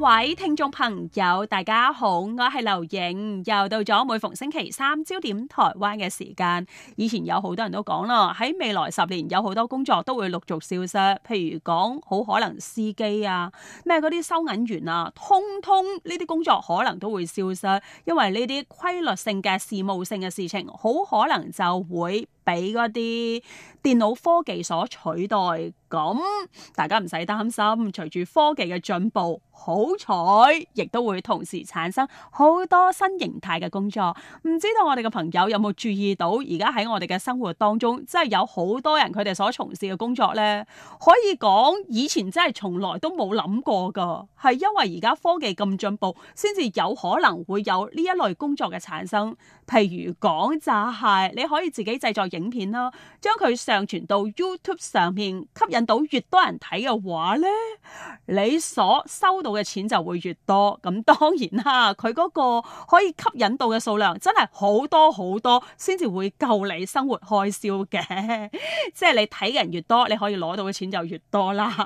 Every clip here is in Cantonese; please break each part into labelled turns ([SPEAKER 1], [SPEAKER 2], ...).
[SPEAKER 1] 各位聽眾朋友，大家好，我係劉影，又到咗每逢星期三焦點台灣嘅時間。以前有好多人都講啦，喺未來十年有好多工作都會陸續消失，譬如講好可能司機啊，咩嗰啲收銀員啊，通通呢啲工作可能都會消失，因為呢啲規律性嘅事務性嘅事情，好可能就會。俾嗰啲電腦科技所取代，咁大家唔使擔心。隨住科技嘅進步，好彩亦都會同時產生好多新形態嘅工作。唔知道我哋嘅朋友有冇注意到，而家喺我哋嘅生活當中，真係有好多人佢哋所從事嘅工作呢？可以講以前真係從來都冇諗過噶，係因為而家科技咁進步，先至有可能會有呢一類工作嘅產生。譬如講、就係，就係你可以自己製作。影片啦，將佢上傳到 YouTube 上面，吸引到越多人睇嘅話咧，你所收到嘅錢就會越多。咁當然啦，佢個可以吸引到嘅數量真係好多好多，先至會夠你生活開銷嘅。即係你睇嘅人越多，你可以攞到嘅錢就越多啦。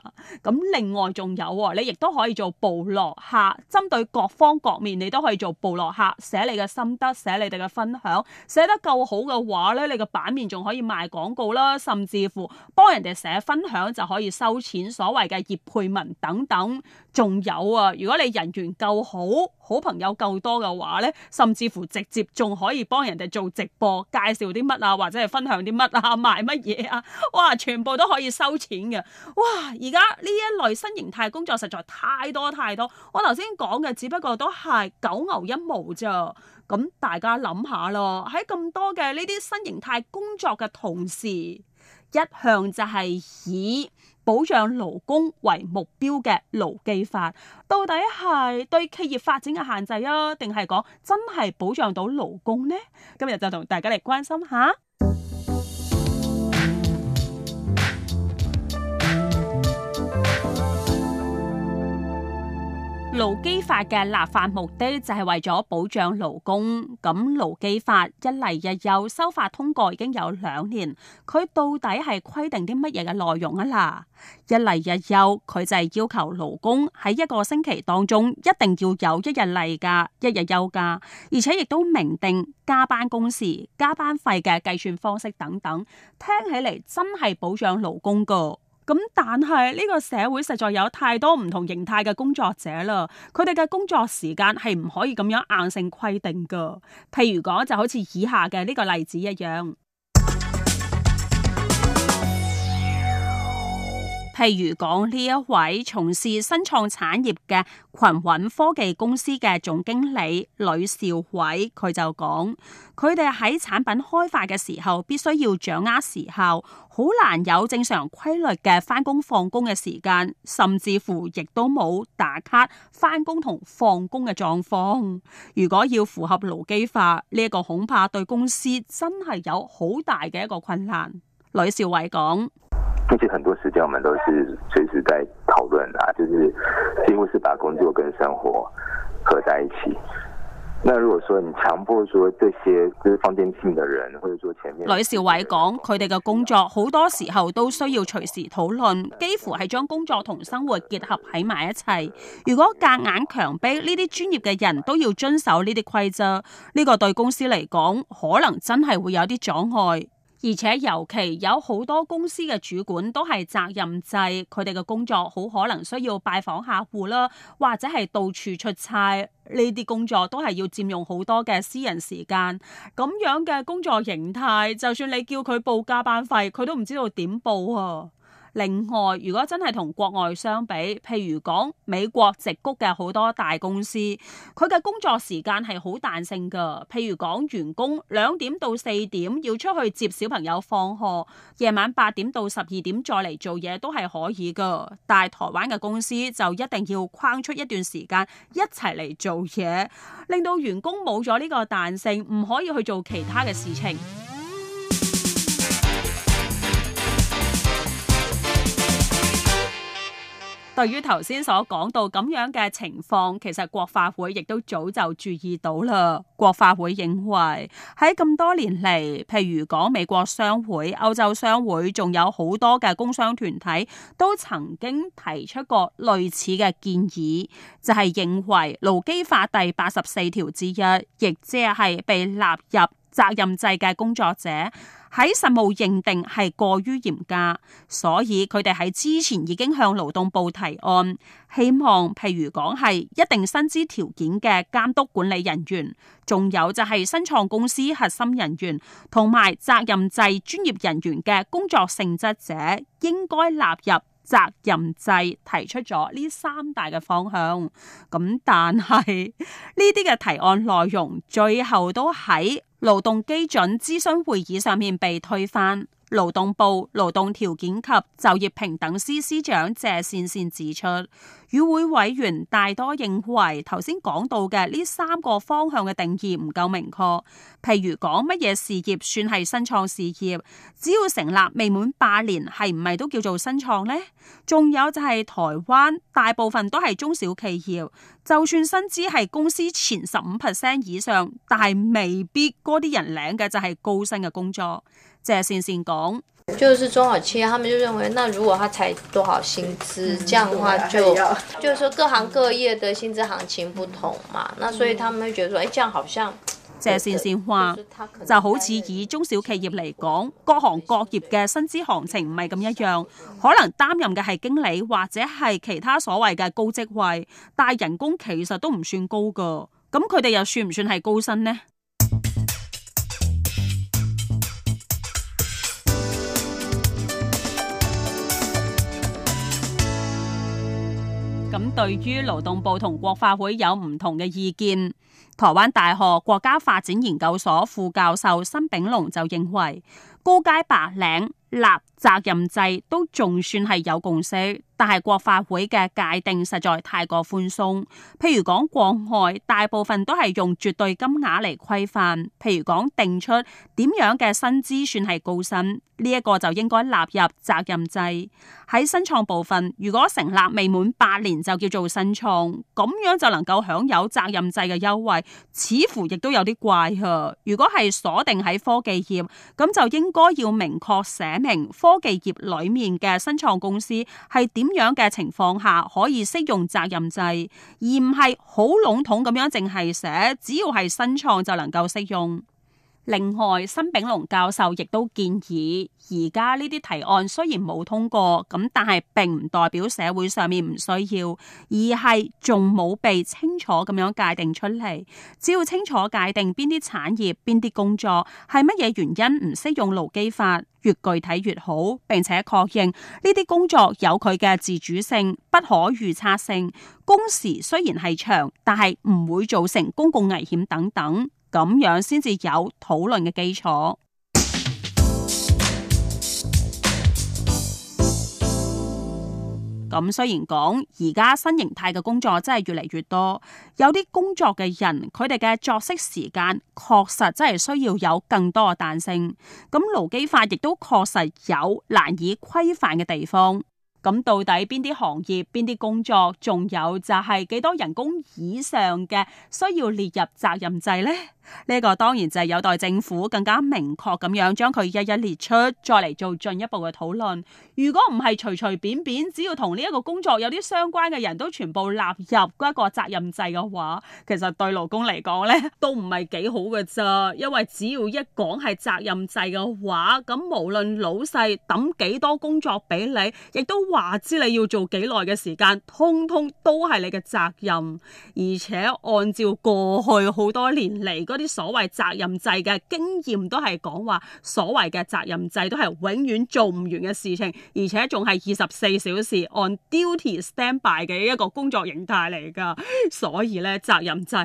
[SPEAKER 1] 咁另外仲有喎，你亦都可以做部落客，針對各方各面，你都可以做部落客，寫你嘅心得，寫你哋嘅分享，寫得夠好嘅話咧，你嘅版面。仲可以賣廣告啦，甚至乎幫人哋寫分享就可以收錢，所謂嘅業配文等等，仲有啊！如果你人緣夠好，好朋友夠多嘅話呢，甚至乎直接仲可以幫人哋做直播，介紹啲乜啊，或者係分享啲乜啊，賣乜嘢啊，哇！全部都可以收錢嘅，哇！而家呢一類新型態工作實在太多太多，我頭先講嘅只不過都係九牛一毛咋。咁大家諗下咯，喺咁多嘅呢啲新型態工作嘅同時，一向就係以保障勞工為目標嘅勞基法，到底係對企業發展嘅限制啊，定係講真係保障到勞工呢？今日就同大家嚟關心下。勞基法嘅立法目的就係為咗保障勞工。咁勞基法一例一休修法通過已經有兩年，佢到底係規定啲乜嘢嘅內容啊啦？一例一休佢就係要求勞工喺一個星期當中一定要有一日例假、一日休假，而且亦都明定加班工時、加班費嘅計算方式等等。聽起嚟真係保障勞工噶。咁但係呢個社會實在有太多唔同形態嘅工作者啦，佢哋嘅工作時間係唔可以咁樣硬性規定噶。譬如講就好似以下嘅呢個例子一樣。例如講呢一位從事新創產業嘅群穩科技公司嘅總經理呂兆偉，佢就講：佢哋喺產品開發嘅時候，必須要掌握時效，好難有正常規律嘅返工放工嘅時間，甚至乎亦都冇打卡返工同放工嘅狀況。如果要符合勞基法呢個，恐怕對公司真係有好大嘅一個困難。呂兆偉講。其實很多時間我們都是隨時在討論啊，就是幾乎是把工作跟生活合在一起。那如果說你強迫說這些就是放電性的人，或者說前面，呂紹偉講佢哋嘅工作好多時候都需要隨時討論，幾乎係將工作同生活結合喺埋一齊。如果隔硬強逼呢啲專業嘅人都要遵守呢啲規則，呢個對公司嚟講可能真係會有啲阻礙。而且尤其有好多公司嘅主管都係責任制，佢哋嘅工作好可能需要拜訪客戶啦，或者係到處出差，呢啲工作都係要佔用好多嘅私人時間，咁樣嘅工作形態，就算你叫佢報加班費，佢都唔知道點報啊！另外，如果真係同國外相比，譬如講美國矽谷嘅好多大公司，佢嘅工作時間係好彈性㗎。譬如講員工兩點到四點要出去接小朋友放學，夜晚八點到十二點再嚟做嘢都係可以㗎。但係台灣嘅公司就一定要框出一段時間一齊嚟做嘢，令到員工冇咗呢個彈性，唔可以去做其他嘅事情。對於頭先所講到咁樣嘅情況，其實國法會亦都早就注意到啦。國法會認為喺咁多年嚟，譬如講美國商會、歐洲商會，仲有好多嘅工商團體都曾經提出過類似嘅建議，就係認為勞基法第八十四條之一，亦即係被納入責任制嘅工作者。喺實務認定係過於嚴格，所以佢哋喺之前已經向勞動部提案，希望譬如講係一定薪資條件嘅監督管理人員，仲有就係新創公司核心人員同埋責任制專業人員嘅工作性質者，應該納入責任制。提出咗呢三大嘅方向，咁但係呢啲嘅提案內容，最後都喺。勞動基準諮詢會議上面被推翻。勞動部勞動條件及就業平等司司長謝善善指出，與會委員大多認為頭先講到嘅呢三個方向嘅定義唔夠明確。譬如講乜嘢事業算係新創事業？只要成立未滿八年，係唔係都叫做新創呢？仲有就係台灣大部分都係中小企業，業就算薪資係公司前十五 percent 以上，但係未必嗰啲人領嘅就係高薪嘅工作。謝善善講，就是中小企業，他們就認為，那如果他採多少薪資，這樣的話就，嗯、就是說各行各業的薪資行情不同嘛，嗯、那所以他們就覺得說，誒、欸，這樣好像。謝善善話，就是、就好似以中小企業嚟講，各行各業嘅薪資行情唔係咁一樣，可能擔任嘅係經理或者係其他所謂嘅高職位，但人工其實都唔算高㗎，咁佢哋又算唔算係高薪呢？咁對於勞動部同國發會有唔同嘅意見，台灣大學國家發展研究所副教授辛炳龍就認為，高階白領立責任制都仲算係有共識。但係國法會嘅界定實在太過寬鬆，譬如講國外大部分都係用絕對金額嚟規範，譬如講定出點樣嘅薪資算係高薪，呢一個就應該納入責任制。喺新創部分，如果成立未滿八年就叫做新創，咁樣就能夠享有責任制嘅優惠，似乎亦都有啲怪。如果係鎖定喺科技業，咁就應該要明確寫明科技業裏面嘅新創公司係點。樣嘅情況下可以適用責任制，而唔係好籠統咁樣淨係寫只要係新創就能夠適用。另外，辛炳隆教授亦都建議，而家呢啲提案雖然冇通過，咁但係並唔代表社會上面唔需要，而係仲冇被清楚咁樣界定出嚟。只要清楚界定邊啲產業、邊啲工作係乜嘢原因唔適用勞基法，越具體越好，並且確認呢啲工作有佢嘅自主性、不可預測性，工時雖然係長，但係唔會造成公共危險等等。咁樣先至有討論嘅基礎。咁 雖然講而家新型態嘅工作真係越嚟越多，有啲工作嘅人佢哋嘅作息時間確實真係需要有更多嘅彈性。咁勞基法亦都確實有難以規範嘅地方。咁到底邊啲行業、邊啲工作，仲有就係幾多人工以上嘅需要列入責任制呢？呢個當然就係有待政府更加明確咁樣將佢一一列出，再嚟做進一步嘅討論。如果唔係隨隨便便，只要同呢一個工作有啲相關嘅人都全部納入嗰一個責任制嘅話，其實對勞工嚟講呢都唔係幾好嘅啫。因為只要一講係責任制嘅話，咁無論老細抌幾多工作俾你，亦都話知你要做幾耐嘅時間，通通都係你嘅責任。而且按照過去好多年嚟，嗰啲所謂責任制嘅經驗都係講話所謂嘅責任制都係永遠做唔完嘅事情，而且仲係二十四小時 on duty standby 嘅一個工作形態嚟㗎。所以咧，責任制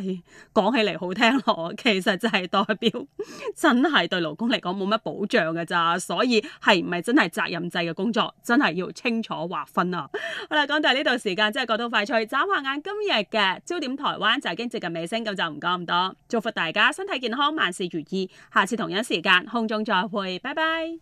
[SPEAKER 1] 講起嚟好聽咯，其實就係代表真係對勞工嚟講冇乜保障㗎咋。所以係唔係真係責任制嘅工作，真係要清楚劃分啊！好啦，講到呢度時間真係過都快脆，眨下眼今日嘅焦點台灣就已經接近尾聲，咁就唔講咁多，祝福大家。大家身體健康，萬事如意。下次同樣時間空中再會，拜拜。